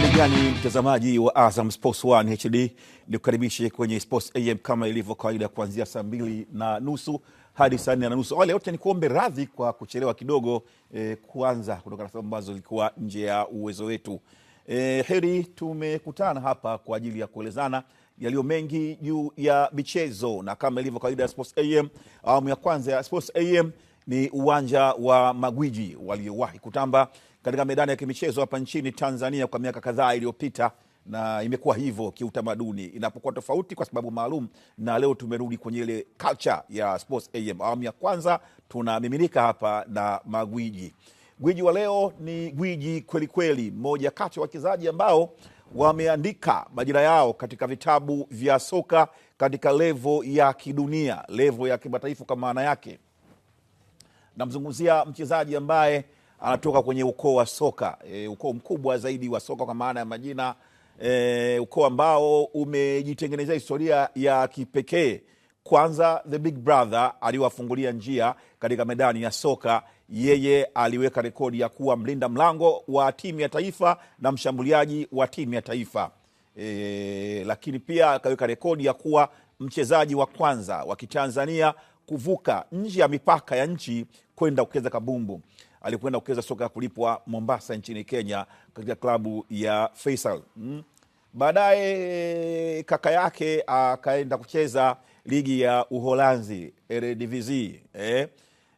Hali gani mtazamaji wa Azam Sports 1 HD, nikukaribishe kwenye Sports AM kama ilivyo kawaida, kuanzia saa mbili na nusu hadi saa nne na nusu. wote ni nikuombe radhi kwa kuchelewa kidogo e, kuanza kutokana na sababu ambazo zilikuwa nje ya uwezo wetu. E, heri tumekutana hapa kwa ajili ya kuelezana yaliyo mengi juu ya michezo, na kama ilivyo kawaida ya Sports AM, awamu ya kwanza ya Sports AM ni uwanja wa magwiji waliowahi kutamba katika medani ya kimichezo hapa nchini Tanzania kwa miaka kadhaa iliyopita, na imekuwa hivyo kiutamaduni, inapokuwa tofauti kwa sababu maalum. Na leo tumerudi kwenye ile culture ya Sports AM awamu ya kwanza, tunamiminika hapa na magwiji. Gwiji wa leo ni gwiji kwelikweli, mmoja kati ya wachezaji ambao wameandika majina yao katika vitabu vya soka katika levo ya kidunia, levo ya kimataifa kwa maana yake. Namzungumzia mchezaji ambaye anatoka kwenye ukoo wa soka e, ukoo mkubwa zaidi wa soka kwa maana ya majina e, ukoo ambao umejitengenezea historia ya kipekee. Kwanza the big brother aliwafungulia njia katika medani ya soka. Yeye aliweka rekodi ya kuwa mlinda mlango wa timu ya taifa na mshambuliaji wa timu ya taifa e, lakini pia akaweka rekodi ya kuwa mchezaji wa kwanza wa Kitanzania kuvuka nje ya mipaka ya nchi kwenda kucheza kabumbu alipoenda kucheza soka ya kulipwa Mombasa nchini Kenya katika klabu ya Faisal mm. Baadaye kaka yake akaenda kucheza ligi ya Uholanzi Eredivisie eh.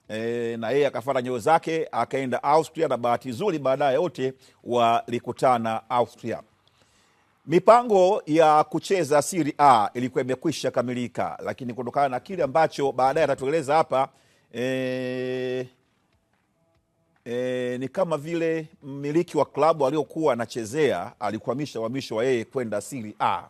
eh, na yeye akafata nyeo zake akaenda Austria na bahati nzuri baadaye wote walikutana Austria. Mipango ya kucheza Serie A ilikuwa imekwisha kamilika, lakini kutokana na kile ambacho baadaye atatueleza hapa eh, e, ni kama vile mmiliki wa klabu aliyokuwa anachezea alikwamisha uhamisho wa yeye kwenda siri A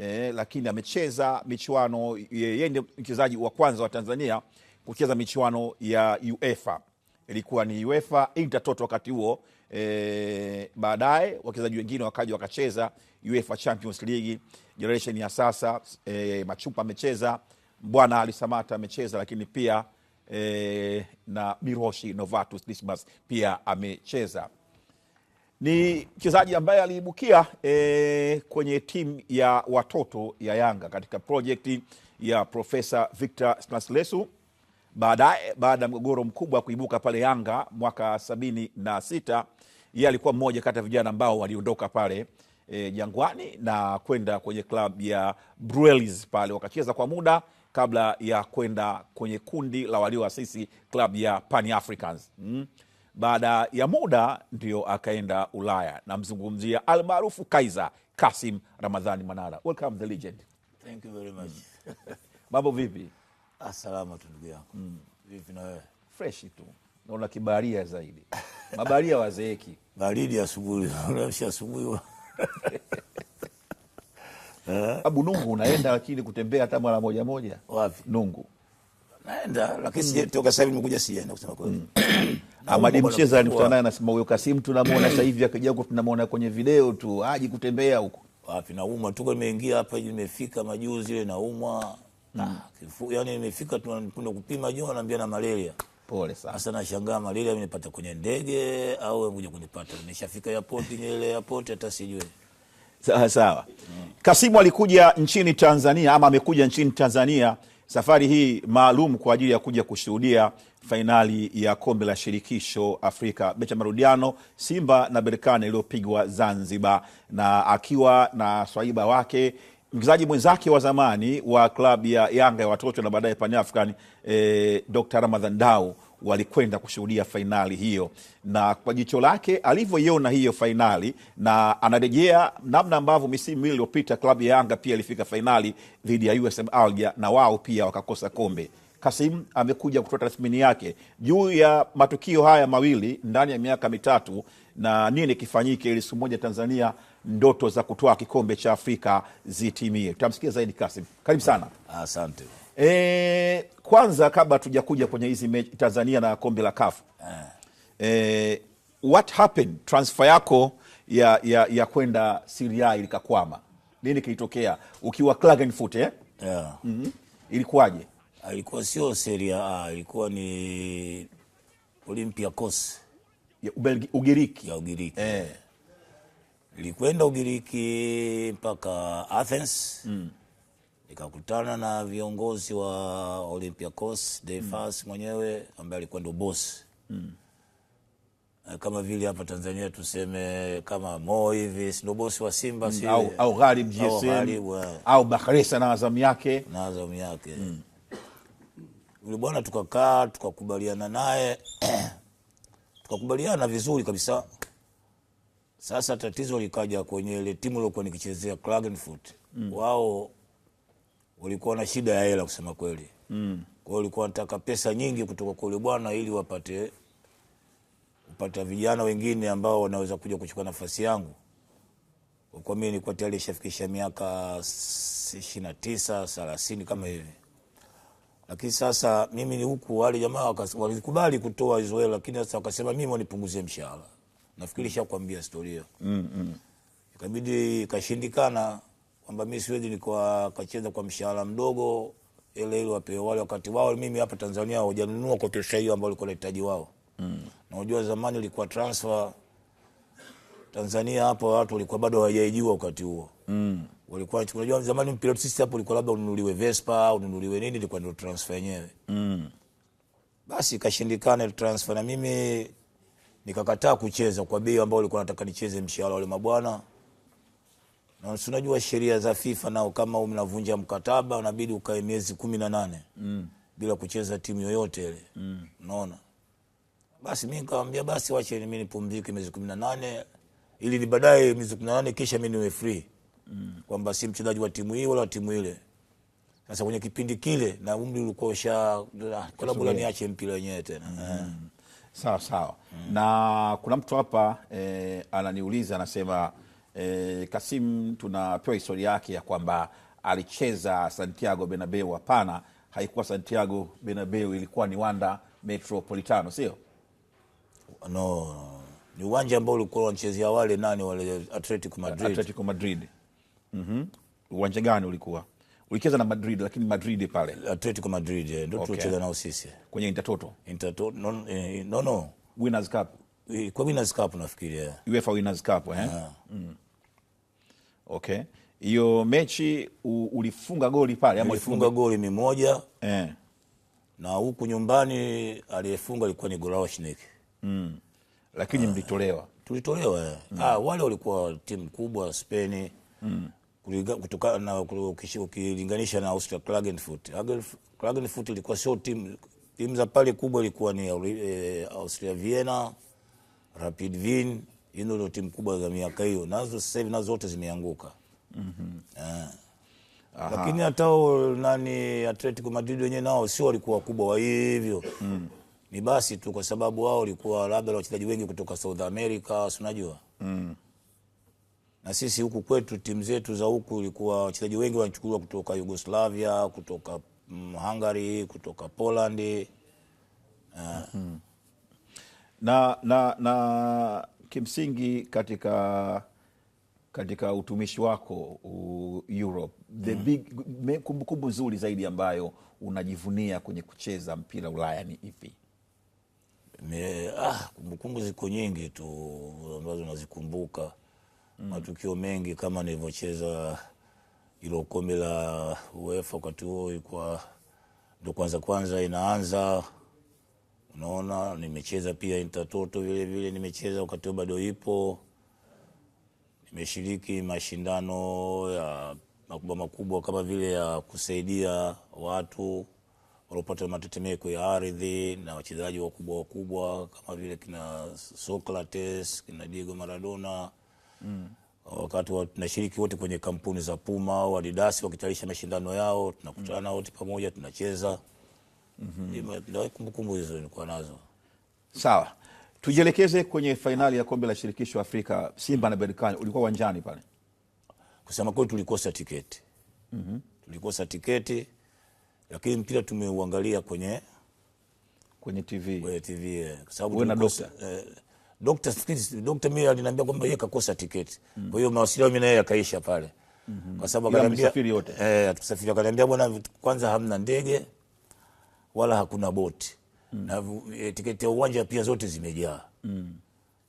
e, lakini amecheza michuano yeye ndi mchezaji wa kwanza wa Tanzania kucheza michuano ya UEFA ilikuwa ni UEFA Intertoto wakati huo e, baadaye wachezaji wengine wakaja wakacheza UEFA Champions League generation ya sasa e, Machupa amecheza, Bwana alisamata amecheza, lakini pia e, na Miroshi Novatus Dismas pia amecheza. Ni mchezaji ambaye aliibukia e, kwenye timu ya watoto ya Yanga katika projekti ya Profesa Victor Slaslesu baadaye baada ya mgogoro mkubwa wa kuibuka pale Yanga mwaka sabini na sita yeye alikuwa mmoja kati ya vijana ambao waliondoka pale e, Jangwani na kwenda kwenye klabu ya Brewers pale wakacheza kwa muda kabla ya kwenda kwenye kundi la walioasisi klabu ya Pan Africans mm. Baada ya muda ndio akaenda Ulaya. Namzungumzia almaarufu Kaiza Kasim Ramadhani Manara. Welcome the legend. Thank you very much. Mambo vipi? Asalama ah, tu ndugu yangu. Mm. Vipi na wewe? Fresh tu. Naona kibaria zaidi. Mabaria wazeeki. Baridi asubuhi. Unamsha asubuhi. Eh? sababu Nungu unaenda lakini kutembea hata mara moja moja wapi? Nungu naenda lakini si toka sasa hivi nimekuja sienda kusema kweli. Mm. Amadi Mcheza alikutana naye anasema huyo Kasimu tunamuona sasa hivi akija huko tunamuona kwenye video tu, aje kutembea huko. Wapi naumwa tu nimeingia hapa nimefika majuzi ile naumwa. Mm. Ah, yani nimefika tunakwenda kupima jua naambia na malaria. Pole sana. Sasa nashangaa malaria imenipata kwenye ndege au imekuja kunipata. Nimeshafika airport ile airport hata sijui sawa sawa. Kasimu alikuja nchini Tanzania ama amekuja nchini Tanzania safari hii maalum kwa ajili ya kuja kushuhudia fainali ya kombe la shirikisho Afrika, mechi ya marudiano Simba na Berkane iliyopigwa Zanzibar, na akiwa na swaiba wake mchezaji mwenzake wa zamani wa klabu ya Yanga ya watoto na baadaye panafrican eh, Dr Ramadhan Dau walikwenda kushuhudia fainali hiyo, na kwa jicho lake alivyoiona hiyo fainali, na anarejea namna ambavyo misimu hii iliyopita klabu ya Yanga pia ilifika fainali dhidi ya USM Alger na wao pia wakakosa kombe. Kasim amekuja kutoa tathmini yake juu ya matukio haya mawili ndani ya miaka mitatu na nini kifanyike ili siku moja Tanzania ndoto za kutoa kikombe cha Afrika zitimie. Tutamsikia zaidi Kasim. Karibu sana. Asante. E, kwanza kabla tujakuja kwenye hizi mechi Tanzania na kombe la kafu eh. e, what happened transfer yako ya, ya, ya kwenda Syria ilikakwama, nini kilitokea ukiwa Klagenfurt eh? yeah. mm -hmm. Ilikuwaje? Ah, ilikuwa sio Syria A, ilikuwa ni Olympiacos ya Ubelgi, Ugiriki, ya Ugiriki. Eh. Ilikwenda Ugiriki mpaka Athens mm nikakutana na viongozi wa Olympiacos Defas mm. mwenyewe ambaye alikuwa ndo bosi mm. kama vile hapa Tanzania tuseme kama Mo hivi ndo bosi wa Simba mm. au, au Ghalib GSM au, au na Azam yake na Azam yake mm. yule bwana tukakaa tukakubaliana naye tukakubaliana vizuri kabisa. Sasa tatizo likaja kwenye ile timu iliyokuwa nikichezea Klagenfurt mm. wao walikuwa na shida ya hela kusema kweli mm. kwao hiyo walikuwa wanataka pesa nyingi kutoka kule bwana, ili wapate upata vijana wengine ambao wanaweza kuja kuchukua nafasi yangu. Kwa mimi nilikuwa tayari nishafikisha miaka ishirini na tisa thelathini kama hivi, lakini sasa mimi ni huku, wale jamaa walikubali kutoa hizo hela, lakini sasa wakasema mimi wanipunguzie mshahara. Nafikiri shakwambia historia mm -mm. Ikabidi ikashindikana kwamba mimi siwezi nikacheza kwa mshahara mdogo, ile ile wapewe wale wakati wao. Mimi hapa Tanzania hujanunua kwa pesa hiyo ambayo walikuwa inahitaji wao. Mm. Na unajua zamani ilikuwa transfer Tanzania hapa watu walikuwa bado hawajaijua wakati huo. Mm. Walikuwa unajua zamani mpira sisi hapo ulikuwa labda ununuliwe Vespa, ununuliwe nini ilikuwa ndio transfer yenyewe. Mm. Basi kashindikana ile transfer na mimi nikakataa kucheza kwa bei ambayo walikuwa nataka nicheze mshahara wale mabwana na tunajua sheria za FIFA nao, kama unavunja mkataba unabidi ukae miezi kumi na nane mm. bila kucheza timu yoyote ile mm. unaona. Basi mi nikamwambia basi wache mi nipumzike miezi kumi na nane ili ni baadaye miezi kumi na nane kisha mi niwe free mm. kwamba si mchezaji wa timu hii wala timu ile. Sasa kwenye kipindi kile na umri ulikuwa usha ah, klabu la niache mpira wenyewe tena mm. Eh. sawa sawa mm. na kuna mtu hapa eh, ananiuliza anasema e, Kasim tunapewa historia yake ya kwamba alicheza Santiago Bernabeu. Hapana, haikuwa Santiago Bernabeu, ilikuwa ni Wanda Metropolitano, sio no, ni uwanja ambao ulikuwa wanachezea wale nani wale Atletico Madrid, Atletico Madrid. Mm-hmm. Uwanja gani ulikuwa ulicheza na Madrid lakini Madrid pale Atletico Madrid eh, ndio okay. Tulicheza nao sisi kwenye Intertoto Intertoto no, eh, no, no. Winners Cup eh, kwa Winners Cup nafikiria UEFA Winners Cup eh? yeah. mm. Okay. Hiyo mechi u, ulifunga goli pale ama ulifunga goli ni moja eh. Na huku nyumbani aliyefunga alikuwa ni Golashnik. Mm. Lakini ah. mlitolewa. Tulitolewa eh. Mm. Ah, wale walikuwa timu kubwa Spain. Mm. Kutokana na ukilinganisha na Austria Klagenfurt. Klagenfurt ilikuwa sio timu timu za pale kubwa ilikuwa ni eh, Austria Vienna, Rapid Wien hiyo ndio timu kubwa za miaka hiyo, nazo sasa hivi nazo zote zimeanguka. mm -hmm. Lakini hata nani Atletico Madrid wenyewe nao sio walikuwa wakubwa wa hivyo mm. Ni basi tu kwa sababu wao walikuwa labda wachezaji wengi kutoka South America, si unajua mm. Na sisi huku kwetu timu zetu za huku ilikuwa wachezaji wengi wanachukuliwa kutoka Yugoslavia, kutoka mm, Hungary, kutoka Poland mm -hmm. na, na, na kimsingi katika katika utumishi wako u, Europe the mm. big kumbukumbu nzuri zaidi ambayo unajivunia kwenye kucheza mpira Ulaya ni ipi? Ah, kumbukumbu ziko nyingi tu ambazo nazikumbuka mm. matukio mengi kama nilivyocheza ilo kombe la UEFA wakati huo ilikuwa ndo kwanza kwanza inaanza unaona, nimecheza pia intatoto vile vile, nimecheza wakati bado ipo, nimeshiriki mashindano ya makubwa makubwa kama vile ya kusaidia watu waliopata matetemeko ya ardhi na wachezaji wakubwa wakubwa kama vile kina Socrates, kina Diego Maradona mm. Wakati tunashiriki wote kwenye kampuni za Puma au Adidas wakitayarisha mashindano yao, tunakutana mm. wote pamoja tunacheza mm -hmm. Kumbukumbu hizo nilikuwa nazo. Sawa, tujielekeze kwenye fainali ya kombe la shirikisho Afrika, Simba na Berkane. Ulikuwa uwanjani pale? Kusema kweli, tulikosa tiketi mm -hmm. tulikosa tiketi, lakini mpira tumeuangalia kwenye kwenye TV, kwenye TV eh, kwa sababu na dokta eh, dokta dokta mimi aliniambia kwamba yeye kakosa tiketi mm. kwa hiyo mawasiliano mimi na yeye yakaisha pale mm -hmm. kwa sababu akaniambia, eh, atusafiri akaniambia, bwana, kwanza hamna ndege wala hakuna boti mm. na e, tiketi ya uwanja pia zote zimejaa mm.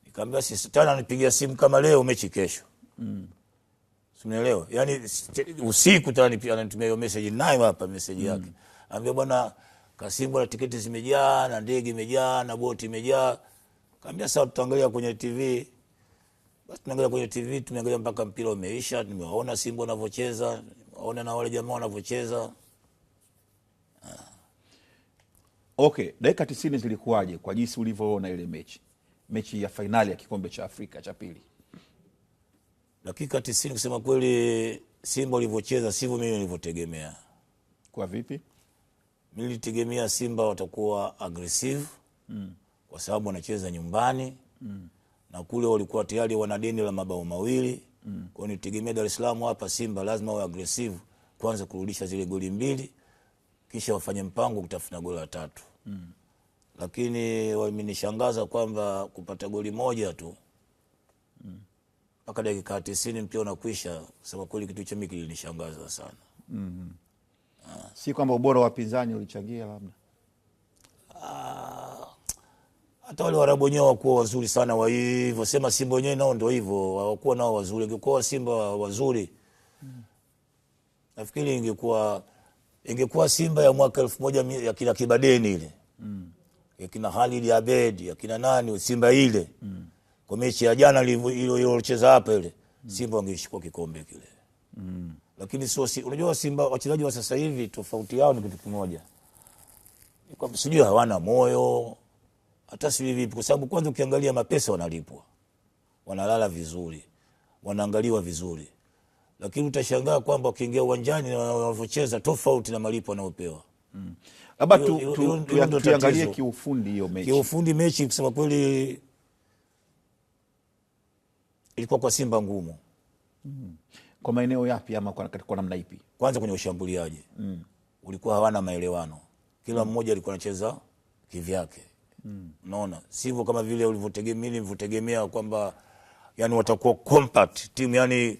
Nikaambia sisi tena, nipigia simu kama leo mechi kesho mm. Simuelewa yani, usiku tena pia anatumia hiyo message, nayo hapa message yake mm. Ambia bwana Kasimbo na tiketi zimejaa na ndege imejaa na boti imejaa. Kaambia sasa tutaangalia kwenye TV. Basi tunaangalia kwenye TV, tumeangalia mpaka mpira umeisha, tumewaona Simba wanavyocheza, waona na wale jamaa wanavyocheza. Okay, dakika 90 zilikuwaje kwa jinsi ulivyoona ile mechi, mechi ya fainali ya kikombe cha Afrika cha pili? Dakika 90 kusema kweli, Simba ulivyocheza sivyo mimi nilivyotegemea. Kwa vipi? nilitegemea Simba watakuwa aggressive mm. kwa sababu wanacheza nyumbani mm. na kule walikuwa tayari wana deni la mabao mawili mm. kwa hiyo nilitegemea Dar es Salaam hapa Simba lazima wawe aggressive, kwanza kurudisha zile goli mbili kisha wafanye mpango kutafuna goli la tatu mm. Lakini wamenishangaza kwamba kupata goli moja tu mpaka mm. dakika tisini mpira unakwisha. Kusema kweli, kitu hicho mi kilinishangaza sana mm -hmm. si kwamba ubora wa wapinzani ulichangia labda ah, hata wale warabu wenyewe wakuwa wazuri sana wa sema Simba wenyewe nao ndo hivyo, wakuwa nao wazuri. Ingekuwa Simba wazuri, nafikiri ingekuwa mm ingekuwa Simba ya mwaka elfu moja ya kina Kibadeni ile mm. ya kina Halid Abedi ya kina nani Simba ile mm. kwa mechi ya jana iliyocheza hapa ile mm. Simba wangeshukua kikombe kile mm. lakini sio si, unajua Simba wachezaji wa sasa hivi tofauti yao ni kitu kimoja, sijui hawana moyo hata sijui vipi, kwa sababu kwanza ukiangalia mapesa wanalipwa, wanalala vizuri, wanaangaliwa vizuri lakini utashangaa kwamba ukiingia uwanjani wanavyocheza tofauti na malipo wanayopewa. Mm. tuangalie kiufundi hiyo mechi. Kiufundi mechi kusema kweli ilikuwa kwa Simba ngumu. Mm. Kwa maeneo yapi ama kwa, kwa namna ipi? Kwanza kwenye ushambuliaji. Mm. Ulikuwa hawana maelewano. Kila mm. mmoja alikuwa anacheza kivyake. Mm. Unaona? Sivyo kama vile ulivyotegemea nilivyotegemea kwamba yani watakuwa compact, timu yani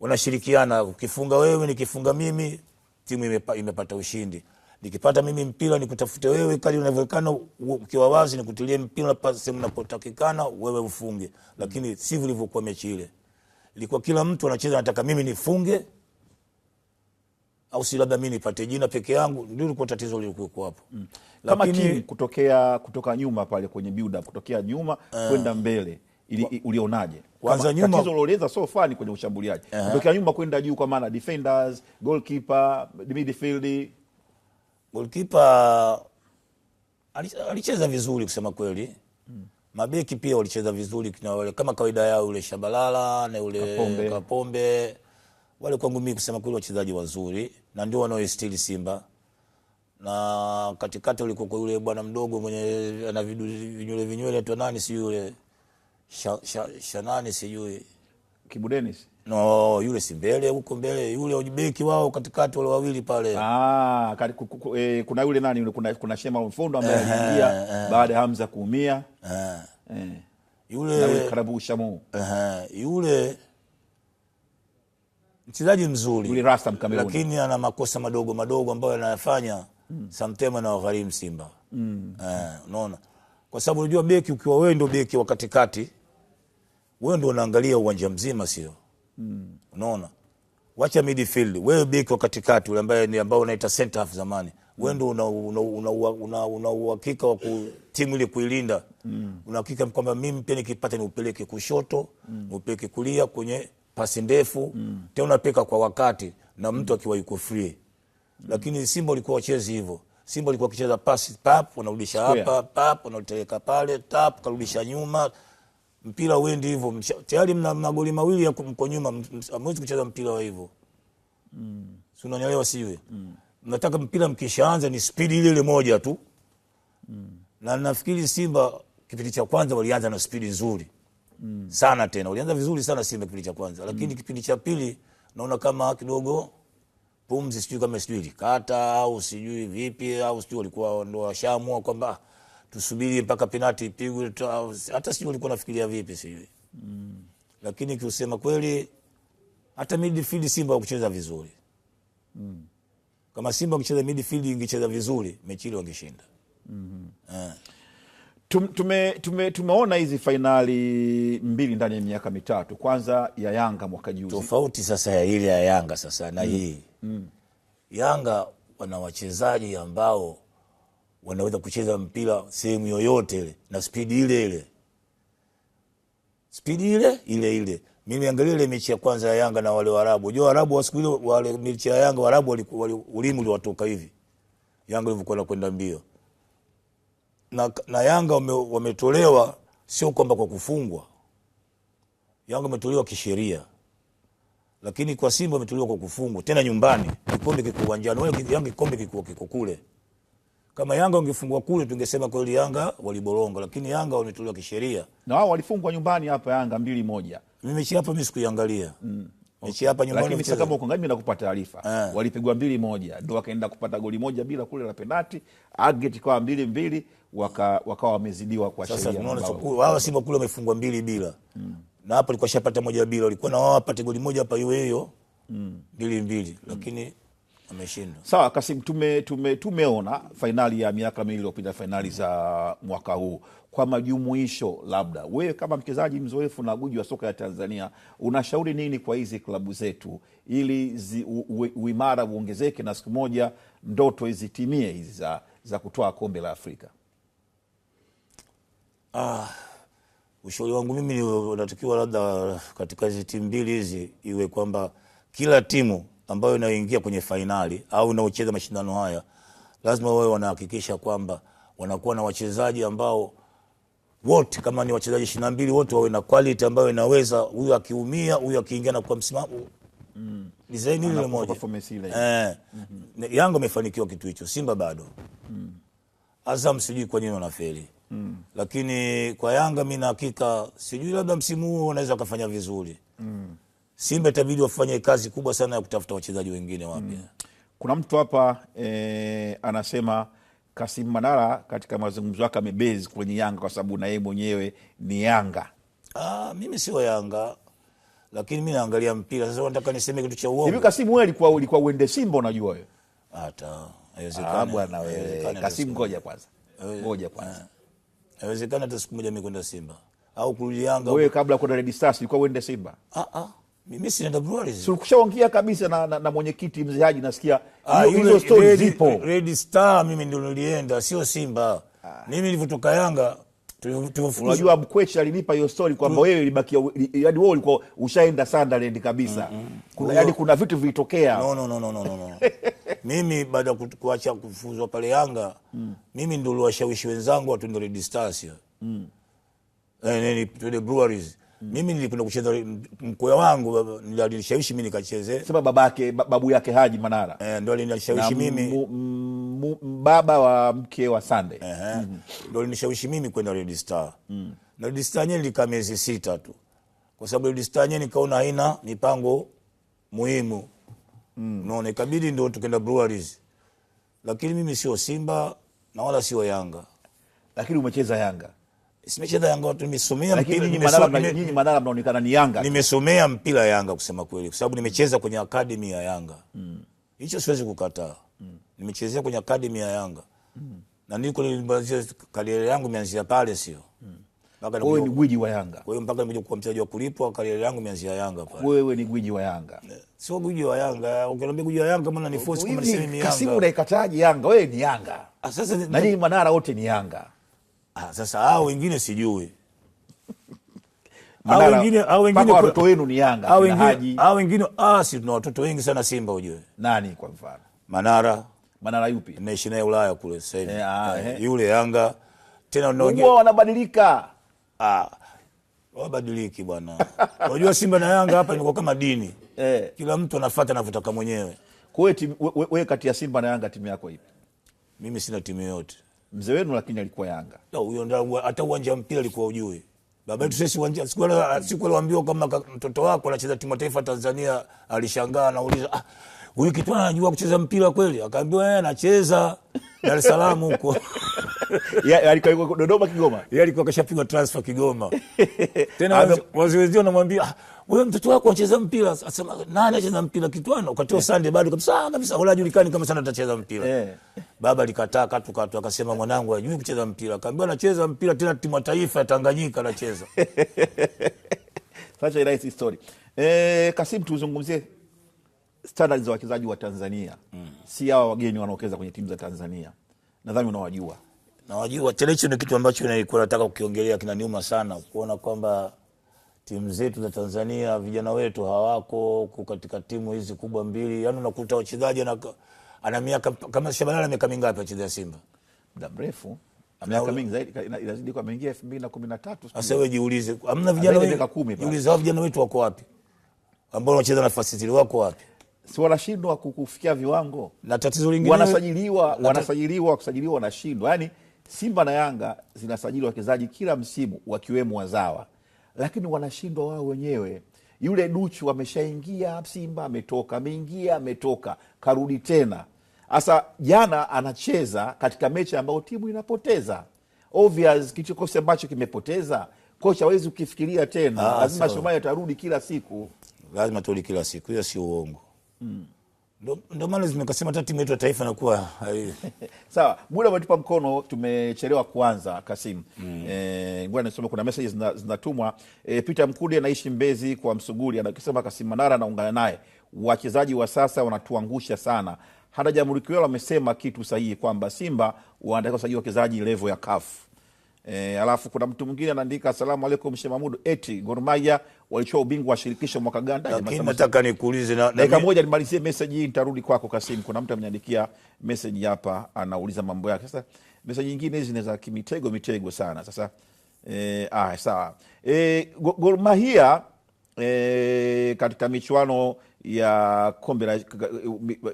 wanashirikiana, ukifunga wewe nikifunga mimi, timu imepata ushindi. Nikipata mimi mpira nikutafute wewe, kali unavyowekana ukiwa wazi, nikutilie mpira pasi sehemu napotakikana, wewe ufunge. Lakini si vilivyokuwa mechi ile, ilikuwa kila mtu anacheza, nataka mimi nifunge au si labda mi nipate jina peke yangu, ndio ilikuwa tatizo lilikuwepo hapo mm. lakini... kutokea kutoka nyuma pale kwenye build up, kutokea nyuma uh, kwenda mbele ulionaje? Kwanza nyuma tatizo so far ni kwenye ushambuliaji. nyuma kwenda juu kwa maana defenders, goalkeeper, midfield. Goalkeeper alicheza vizuri kusema kweli. Hmm. Mabeki pia walicheza vizuri kama kawaida yao, ule Shabalala na ule Kapombe, Kapombe. Wale kwangu mimi kusema kweli wachezaji wazuri na ndio wanaoistili Simba na katikati ulikuwa yule bwana mdogo mwenye ana vinywele vinywele tu, nani si yule shanani sijui Kibudenis no yule si mbele huko mbele yule ujibeki wao katikati wale wawili pale. Ah, e, kuna yule nani yule kuna, kuna Shema mfundo ambaye aliingia baada ya Hamza kuumia eh, yule, yule Karabu Shamu yule mchezaji mzuri yule Rasta Mkameruni, lakini ana makosa madogo madogo ambayo anayafanya mm. Samtema na wagharimu Simba mm. Eh, unaona kwa sababu unajua beki, ukiwa wewe ndio beki wa katikati, wewe ndio unaangalia uwanja mzima, sio mm. Unaona, wacha midfield, wewe beki wa katikati ule ambaye ni ambao unaita center half zamani wewe hmm. ndio una una una una uhakika wa timu ile kuilinda. Mm. Una uhakika kwamba mimi pia nikipata niupeleke kushoto, mm. niupeleke kulia kwenye pasi ndefu, mm. tena unapeka kwa wakati na mtu hmm. akiwa yuko free. Mm. Lakini Simba walikuwa wachezi hivyo. Simba alikuwa akicheza pasi pap, unarudisha hapa pap, unateleka pale tap, karudisha nyuma, mpira uendi hivyo. Tayari mna magoli mawili ya mko nyuma, hamwezi kucheza mpira wa hivyo mm. si unanielewa siwe? mm. Nataka mpira mkishaanza ni spidi ile ile moja tu mm. na nafikiri Simba kipindi cha kwanza walianza na spidi nzuri mm. sana, tena walianza vizuri sana Simba kipindi cha kwanza, lakini mm. kipindi cha pili naona kama kidogo pumzi, sijui kama sijui ilikata au sijui vipi au sijui walikuwa ndo washaamua kwamba tusubiri mpaka penati ipigwe, hata sijui walikuwa nafikiria vipi sijui mm. Lakini kiusema kweli, hata midfield Simba wakucheza vizuri mm. Kama Simba wakicheza midfield ingecheza vizuri mechi ile wangeshinda mm -hmm. Eh. Tume, tume, tumeona hizi fainali mbili ndani ya miaka mitatu, kwanza ya Yanga mwaka juzi, tofauti sasa ya ile ya Yanga sasa na mm. hii Yanga wana wachezaji ambao wanaweza kucheza mpira sehemu yoyote ile na spidi ile ile, spidi ile ile ile. Mimi angalia ile mechi ya kwanza ya Yanga na wale Waarabu. Unajua Waarabu wa siku ile, wale mechi ya Yanga Waarabu ulimu uliwatoka hivi, Yanga ilivyokuwa nakwenda mbio na, na Yanga wametolewa, sio kwamba kwa kufungwa. Yanga wametolewa kisheria lakini kwa Simba umetolewa kwa kufungwa tena nyumbani, kikombe kiko uwanjani. Wao Yanga kikombe kiko kiko kule. Kama Yanga wangefungwa kule, tungesema kweli Yanga waliboronga, lakini Yanga wametolewa kisheria, na wao walifungwa nyumbani hapa Yanga mbili moja. Mimi mechi hapa mimi sikuiangalia mm. Mechi hapa nyumbani, lakini sasa kama uko ngani, nakupa taarifa eh. walipigwa mbili moja, ndio wakaenda kupata goli moja bila kule la penalti, aggregate kwa mbili mbili, wakawa wamezidiwa kwa sheria. Sasa tunaona wao Simba kule wamefungwa mbili bila mm na hapo alikuwa shapata moja bila, alikuwa na wao apate goli moja hapa hiyo hiyo mbili mbili, lakini ameshindwa. Sawa Kasim, tume, tume, tumeona fainali ya miaka miwili iliyopita fainali za mwaka huu kwa majumuisho, labda wewe kama mchezaji mzoefu na guji wa soka ya Tanzania unashauri nini kwa hizi klabu zetu ili zi, u, u, uimara uongezeke na siku moja ndoto zitimie hizi za, za kutoa kombe la Afrika? ah. Ushauri wangu mimi unatakiwa labda katika hizi timu mbili hizi iwe kwamba kila timu ambayo inaingia kwenye fainali au inaocheza mashindano haya lazima wawe wanahakikisha kwamba wanakuwa na wachezaji ambao wote kama ni wachezaji ishirini na mbili wote wawe na quality ambayo inaweza huyu akiumia huyu akiingia na kwa msimamo mm. ni zaini ile moja eh, mm -hmm. Yanga amefanikiwa kitu hicho, Simba bado mm. Azam sijui kwa nini wanafeli mm. Lakini kwa Yanga mi na hakika sijui, labda msimu huu wanaweza wakafanya vizuri mm. Simba itabidi wafanye kazi kubwa sana ya kutafuta wachezaji wengine wapya mm. Kuna mtu hapa e, anasema Kasim Manara katika mazungumzo yake amebezi kwenye Yanga kwa sababu na yeye mwenyewe ni Yanga. Ah, mimi sio Yanga lakini mi naangalia mpira sasa. Nataka niseme kitu cha uongo hivi. Kasimu wewe ulikuwa ulikuwa uende Simba, unajua wewe hata haiwezekani ah, bwana. Wewe Kasimu, ngoja kwanza, eh. ngoja kwanza Inawezekana hata siku moja mimi kwenda Simba au kurudi Yanga. Wewe kabla kwenda Red Stars ulikuwa uende Simba? Ah ah. Mimi si nenda WR. Si ulikushaongea kabisa na, na, na mwenyekiti mzee Haji nasikia ah, hizo ah, story zipo. Red Star mimi ndio nilienda, sio Simba. Ah. Mimi nilivyotoka Yanga Unajua Mkwechi alinipa hiyo story kwamba mm. wewe ilibaki yaani wewe ulikuwa ushaenda Sunderland kabisa. Mm -hmm. Kuna, yaani kuna vitu vilitokea. No no no no no no. mimi baada ya kuacha kufuzwa pale Yanga mm. mimi ndo liwashawishi wenzangu watunda Red Stars mm. eh, twende Breweries mm. mimi nilikwenda kucheza mkoa wangu alinishawishi mimi nikacheze. Sema babake babu yake Haji Manara eh, ndio alinishawishi mimi baba wa mke wa Sande eh, mm -hmm. ndo alinishawishi mimi kwenda Red Star mm. na Red Star yenyewe nilikaa miezi sita tu, kwa sababu Red Star yenyewe nikaona haina mipango muhimu mm. Mm. unaona, ikabidi ndio tukenda Breweries, lakini mimi sio Simba na wala sio Yanga. Lakini umecheza Yanga simecheza Yanga, nimesomea mpira. Nyinyi Manara mnaonekana ni Yanga, nimesomea mpira Yanga kusema kweli, kwa sababu nimecheza kwenye akademi ya Yanga. Mm. Hicho siwezi kukataa mm. nimechezea kwenye akademi ya Yanga mm. na niko nilimalizia kariera yangu imeanzia pale, sio mm. Wewe ni gwiji wa Yanga. Kwa hiyo mpaka nimekuja kuwa mchezaji wa kulipwa, kariera yangu imeanzia Yanga pale. Wewe ni gwiji wa Yanga. Eh, sio gwiji wa Yanga. Ukiniambia gwiji wa Yanga maana ni force kama niseme mimi Yanga. Kasimu unaikataje Yanga? Wewe ni Yanga. Ah, sasa ni nani Manara wote ni Yanga. Ah, sasa hao wengine sijui. Hao wengine hao wengine kwa watoto wenu ni Yanga. Hao wengine hao wengine ah, si tuna watoto wengi sana Simba ujue. Nani kwa mfano? Manara. Manara yupi? Naishi naye Ulaya kule sasa hivi. Eh, ah, eh, yule Yanga. Tena unaongea. Wao wanabadilika ah, wabadiliki bwana. Unajua Simba na Yanga hapa imekuwa kama dini eh. Kila mtu anafuata anavyotaka mwenyewe. Kwa hiyo wewe, kati ya Simba na Yanga timu yako ipi? Mimi sina timu yoyote. Mzee wenu lakini alikuwa Yanga. Huyo ndio hata uwanja wa mpira alikuwa ujui. Baba yetu sisi uwanja sikuwa sikuwa aliambiwa kama mtoto wako anacheza timu ya taifa Tanzania alishangaa anauliza ah, huyu kitu anajua kucheza mpira kweli? Akaambiwa yeye eh, anacheza Dar es Salaam huko. alikuwa Dodoma Kigoma, yeye alikuwa kashapigwa transfer Kigoma. Tena wazee waziwezio wanamwambia wewe ah, mtoto wako acheza mpira, asema nani acheza mpira kitwano, wa eh. Sunday bado kabisa ah, kabisa, wala hajulikani kama sana atacheza mpira. Eh. Baba alikataa katu katu, akasema mwanangu hajui kucheza mpira, akaambiwa anacheza mpira tena timu ya taifa ya Tanganyika anacheza. Such a nice story. Eh, Kasim, tuzungumzie standards za wachezaji wa Tanzania mm. si hawa wageni wanaocheza kwenye timu za Tanzania, nadhani unawajua na wajua tena, hicho ni kitu ambacho nilikuwa nataka kukiongelea, kinaniuma sana kuona kwamba timu zetu za Tanzania vijana wetu hawako katika timu hizi kubwa mbili. Yani unakuta wachezaji ana, ana miaka kama Shabalala ana miaka mingapi achezea Simba? Muda mrefu miaka mingi zaidi inazidi kwa mengia 2013. Sasa wewe jiulize, amna vijana wetu, jiulize hao vijana wetu wako wapi ambao wanacheza nafasi zile, wako wapi? Si wanashindwa kufikia viwango, na tatizo lingine wanasajiliwa, wanasajiliwa, kusajiliwa, wanashindwa yani Simba na Yanga zinasajili wachezaji kila msimu wakiwemo wazawa, lakini wanashindwa wao wenyewe. Yule Duchu ameshaingia Simba, ametoka, ameingia, ametoka, karudi tena. Sasa jana anacheza katika mechi ambayo timu inapoteza obvious, kichokosi ambacho kimepoteza kocha hawezi kukifikiria tena, ah, lazima Shomari atarudi kila siku, lazima turudi kila siku, hiyo sio uongo mm. Ndio maana zimekasema hata timu yetu ya taifa inakuwa sawa. Muda umetupa mkono, tumechelewa kuanza Kasim. mm. E, nisome, kuna message zinatumwa. E, Peter Mkude anaishi Mbezi kwa Msuguri, anakisema Kasim Manara anaungana naye, wachezaji wa sasa wanatuangusha sana. Hata Jamhuri kiwelo amesema kitu sahihi kwamba Simba wanatakiwa kusajili wachezaji levo ya kafu E, alafu kuna mtu mwingine anaandika asalamu alaikum Sheikh Mahmud, eti Gor Mahia walichukua ubingwa wa shirikisho mwaka ganda. Lakini nataka nikuulize na dakika moja nimalizie message hii, nitarudi kwako Kasim. Kuna mtu ameniandikia message hapa, anauliza mambo yake. Sasa message nyingine hizi za kimitego mitego sana. Sasa eh, ah, sawa Eh, Gor Mahia e, katika michuano ya kombe la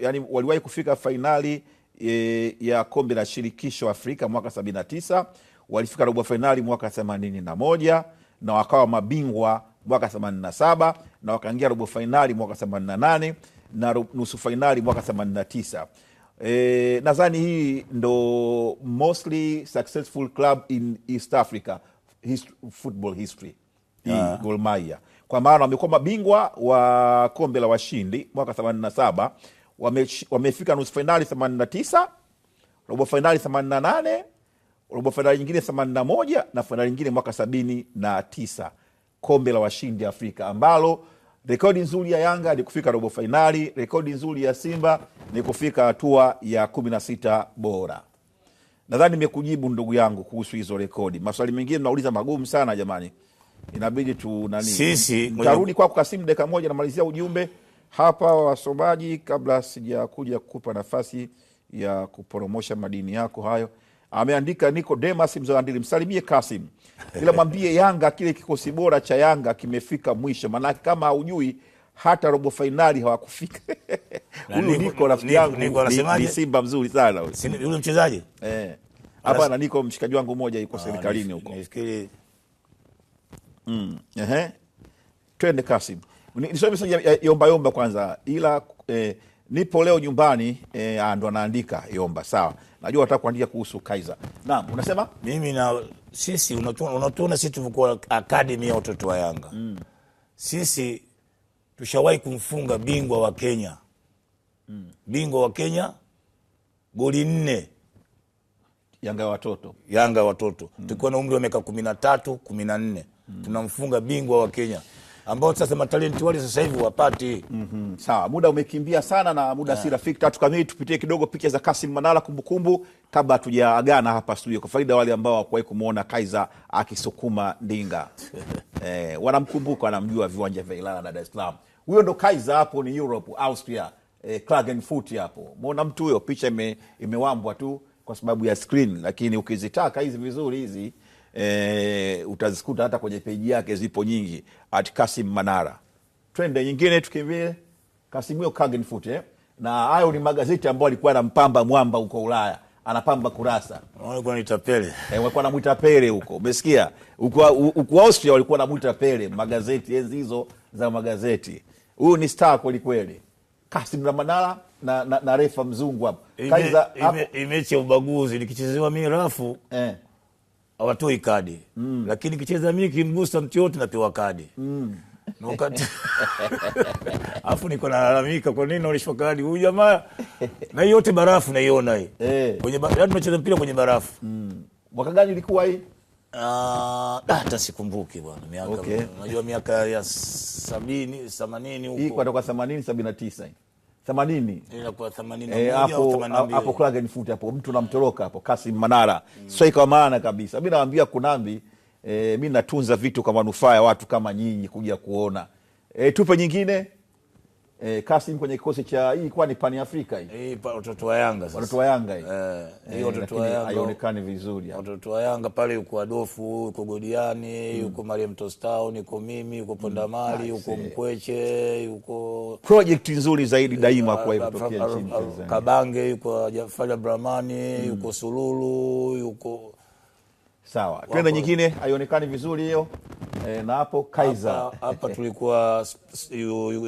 yani, waliwahi kufika fainali e, eh, ya kombe la shirikisho Afrika mwaka sabini na tisa walifika robo fainali mwaka themanini na moja na wakawa mabingwa mwaka themanini na saba na wakaingia robo fainali mwaka themanini na nane na nusu fainali mwaka themanini na tisa E, nadhani hii ndo mostly successful club in East Africa history, football history hii uh Gor Mahia kwa maana wamekuwa mabingwa wa kombe la washindi mwaka na saba wamefika wame nusu fainali na tisa robo fainali na nane robo fainali nyingine 81 na fainali nyingine mwaka 79 kombe la washindi Afrika ambalo rekodi nzuri ya Yanga ni kufika robo fainali, rekodi nzuri ya Simba ni kufika hatua ya 16 bora. Nadhani nimekujibu ndugu yangu kuhusu hizo rekodi. Maswali mengine nauliza magumu sana jamani, inabidi tu nani, sisi tarudi kwako Kasimu dakika moja, namalizia ujumbe hapa wasomaji, kabla sijakuja kukupa nafasi ya kuporomosha madini yako hayo ameandika niko demas mzoandili msalimie Kasim, ila mwambie Yanga kile kikosi bora cha Yanga kimefika mwisho, maanake kama haujui hata robo fainali hawakufika. Huyu Niko rafiki yangu ni Simba mzuri sana yule mchezaji eh. na Niko mshikaji wangu mmoja yuko ah, serikalini huko Mm, ehe, twende Kasim, nisome yombayomba kwanza, ila eh, nipo leo nyumbani e, ndo anaandika Yomba. Sawa, najua unataka kuandika kuhusu Kaiza. Naam, unasema mimi na sisi, unatuona sisi tulivyokuwa akademi ya watoto wa Yanga mm. sisi tushawahi kumfunga bingwa wa Kenya mm. bingwa wa Kenya goli nne Yanga ya watoto, Yanga ya watoto mm. tukiwa na umri wa miaka kumi na tatu kumi na nne mm. tunamfunga bingwa wa Kenya ambao sasa matalenti wale sasa hivi wapati. mm -hmm. Sawa, muda umekimbia sana na muda ah. si rafiki. Tatu kamili, tupitie kidogo picha za Kasim Manala, kumbukumbu kabla tujaagana hapa studio, kwa faida wale ambao hawakuwahi kumwona Kaiza akisukuma ndinga eh, wanamkumbuka wanamjua viwanja vya Ilala na Dar es Salaam. Huyo ndo Kaiza, hapo ni Europe, Austria eh, Klagenfurt hapo. Muona mtu huyo, picha ime, imewambwa tu kwa sababu ya screen, lakini ukizitaka hizi vizuri hizi e, utazikuta hata kwenye peji yake zipo nyingi at Kasim Manara. Twende nyingine tukimbie, Kasimio kagnfut eh? na hayo ni magazeti ambayo alikuwa anampamba mwamba huko Ulaya anapamba kurasa walikuwa anaita Pele eh, Pele huko, umesikia huku Austria walikuwa anamwita Pele. Magazeti enzi hizo za magazeti, huyu ni star kwelikweli Kasim na Manara na, na, na refa mzungu hapo ime, imechi ya ubaguzi nikichezewa mi rafu eh hawatoi kadi mm. Lakini kicheza mi kimgusa mtu yote napewa kadi mm. Wakati afu niko nalalamika, kwa nini naonyeshwa kadi huyu jamaa? Na yote barafu naiona hii eh, kwenye ba... Yaani tunacheza mpira kwenye barafu mm. Mwaka gani ilikuwa hii? Ah, hata sikumbuki bwana miaka, unajua miaka ya sabini themanini huko, kwa toka themanini sabini na tisa themanini eh, hapo Klagenfurt hapo mtu namtoroka hapo Kasim Manara mm. Sio kwa maana kabisa, mi nawambia kunambi e, eh, mi natunza vitu kwa manufaa ya watu kama nyinyi kuja kuona e, tupe nyingine eh, Kasim kwenye kikosi cha hii ilikuwa ni Pan Afrika hii eh, watoto wa Yanga sasa, watoto wa Yanga hii eh, hii eh, watoto wa Yanga haionekani vizuri hapa. Watoto wa Yanga pale yuko Adofu, yuko Godiani, hmm. yuko Mariam Tostown, yuko mimi, yuko hmm. Pondamali, yuko Mkweche, yuko project nzuri zaidi daima eh, kwa hivyo tokea Kabange yuko Jafari Brahmani, hmm. yuko Sululu, yuko sawa. Twende nyingine, haionekani vizuri hiyo e, na hapo Kaiser hapa tulikuwa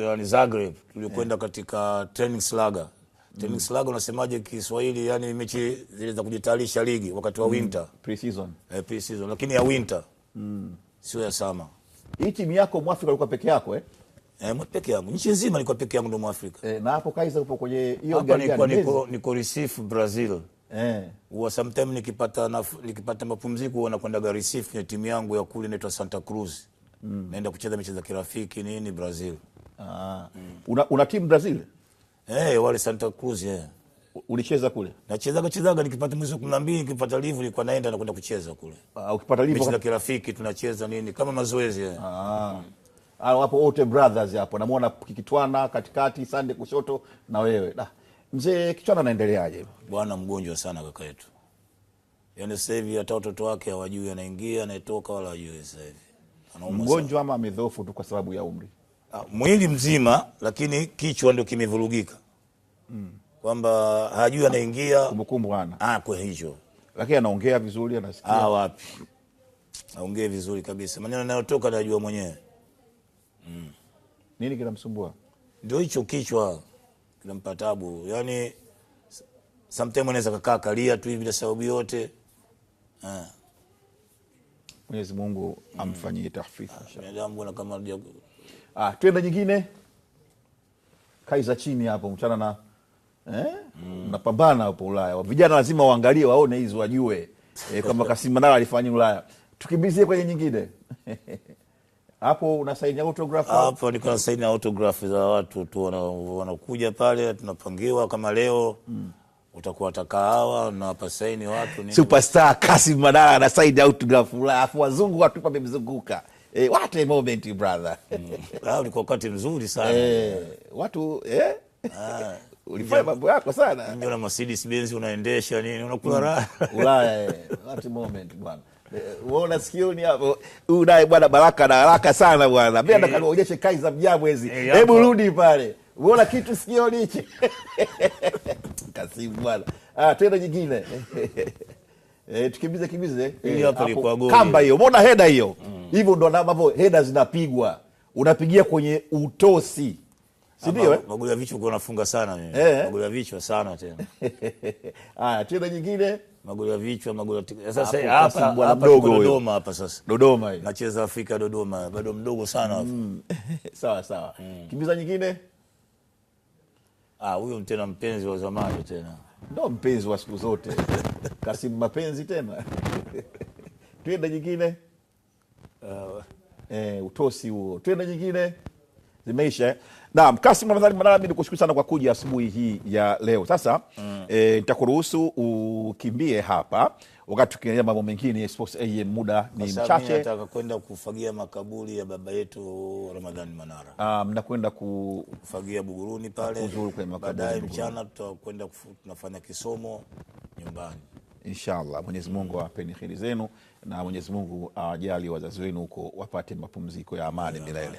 yani Zagreb tulikwenda katika training slaga training mm. slaga, unasemaje Kiswahili? Yani mechi zile za kujitayarisha ligi wakati wa mm. winter pre-season, eh, pre-season lakini ya winter mm. sio ya sama. Hii timu yako Mwafrika alikuwa peke yako eh? Eh, peke yangu nchi nzima nilikuwa peke yangu ndo Mwafrika eh, na hapo Kaiser upo kwenye hiyo gari. ya Brazil. Niko niko Recife Brazil eh. Huwa sometime nikipata nikipata mapumziko huwa nakwenda Garisifu kwenye timu yangu ya kule inaitwa Santa Cruz mm. Naenda kucheza michezo ya kirafiki nini Brazil. Ah. Mm. Una, una timu Brazil? Eh, wale Santa Cruz eh. Yeah. Ulicheza kule? Nachezaga chezaga nikipata mwezi wa 12 nikipata livu nilikuwa naenda na kwenda kucheza kule. Ah, ukipata livu kwa kirafiki tunacheza nini kama mazoezi eh. Ah. Mm. Hapo wote brothers hapo. Namuona Kikitwana katikati, Sande kushoto na wewe. Da. Mzee Kichwana anaendeleaje? Bwana mgonjwa sana kaka yetu, yani hivi hata watoto wake hawajui anaingia anaetoka wala wajui sasa hivi mgonjwa ama amedhofu tu kwa sababu ya umri, ah, mwili mzima, lakini kichwa ndio kimevurugika mm. kwamba hajui anaingia, ah, kumbukumbu hana ah, kwa hicho lakini anaongea vizuri, anasikia ah, wapi aongee vizuri kabisa, maneno anayotoka anajua mwenyewe mm. Nini kinamsumbua? Ndio hicho kichwa inampa tabu. Yani sometime anaweza kakaa kalia tu bila sababu yote. Ah. Mwenyezi Mungu mm. amfanyie tahfifu. Binadamu kama ah, twende nyingine. Kaiza chini hapo mchana na eh? Mm. Napambana hapo Ulaya. Vijana lazima waangalie waone hizo wajue. eh, kama Kasim Manara alifanya Ulaya. Tukimbizie kwenye nyingine. hapo unasaini autograph? Hapo niko na saini autograph za watu tu wanakuja pale, tunapangiwa kama leo mm. utakuwa takahawa nawapa saini watu ni Superstar Kasim Manara na saini autograph, alafu wazungu watu pa wamemzunguka. E, what a moment brother. Mm. Ni wakati mzuri sana e, watu eh? Ah. Ulifanya mambo yako sana, ndio na Mercedes Benz unaendesha nini, unakula hmm. raha. Ulaya, eh. what a moment bwana. Eh, uona sikio ni hapo, huyu naye bwana Baraka na haraka sana bwana, Mimi nataka eh. nionyeshe kai za mjabu hizi. Eh, Hebu rudi pale, uona kitu sikio hichi Kasimu bwana. Ah, tena nyingine Eh, tukimbize kimbize Hii hapo goli. kamba hiyo, mbona heda hiyo mm. hivyo? Mm. Ndo ambavyo heda zinapigwa, unapigia kwenye utosi, si ah, ndio? Magoli ya vichwa unafunga sana mimi, magoli ya vichwa sana tena. Haya, tena nyingine magoli ya vichwa, magoli ya sasa. Hapa hapa Dodoma, hapa sasa Dodoma hii nacheza Afrika Dodoma, bado mdogo sana mm. sawa sawa mm. kimbiza nyingine. Ah, huyo tena mpenzi wa zamani tena ndo mpenzi wa siku zote Kasimu mapenzi tena twenda nyingine. Uh, eh, utosi huo, twenda nyingine, zimeisha eh? Naam, Kasim Ramadhani Mwanami, ni kushukuru sana kwa kuja asubuhi hii ya leo. Sasa mm. Eh, nitakuruhusu mm. e, ukimbie hapa wakati tukiendelea mambo mengine Sports AM, muda ni mchache. Nataka kwenda kufagia makaburi ya baba yetu Ramadhani Manara. Ah, mnakwenda ku... kufagia Buguruni pale. Kuzuru kwenye Baadaye mchana tutakwenda tunafanya kisomo nyumbani Inshallah, Mwenyezi Mungu awapeni kheri zenu na Mwenyezi Mungu awajali wazazi wenu huko wapate mapumziko ya amani milele.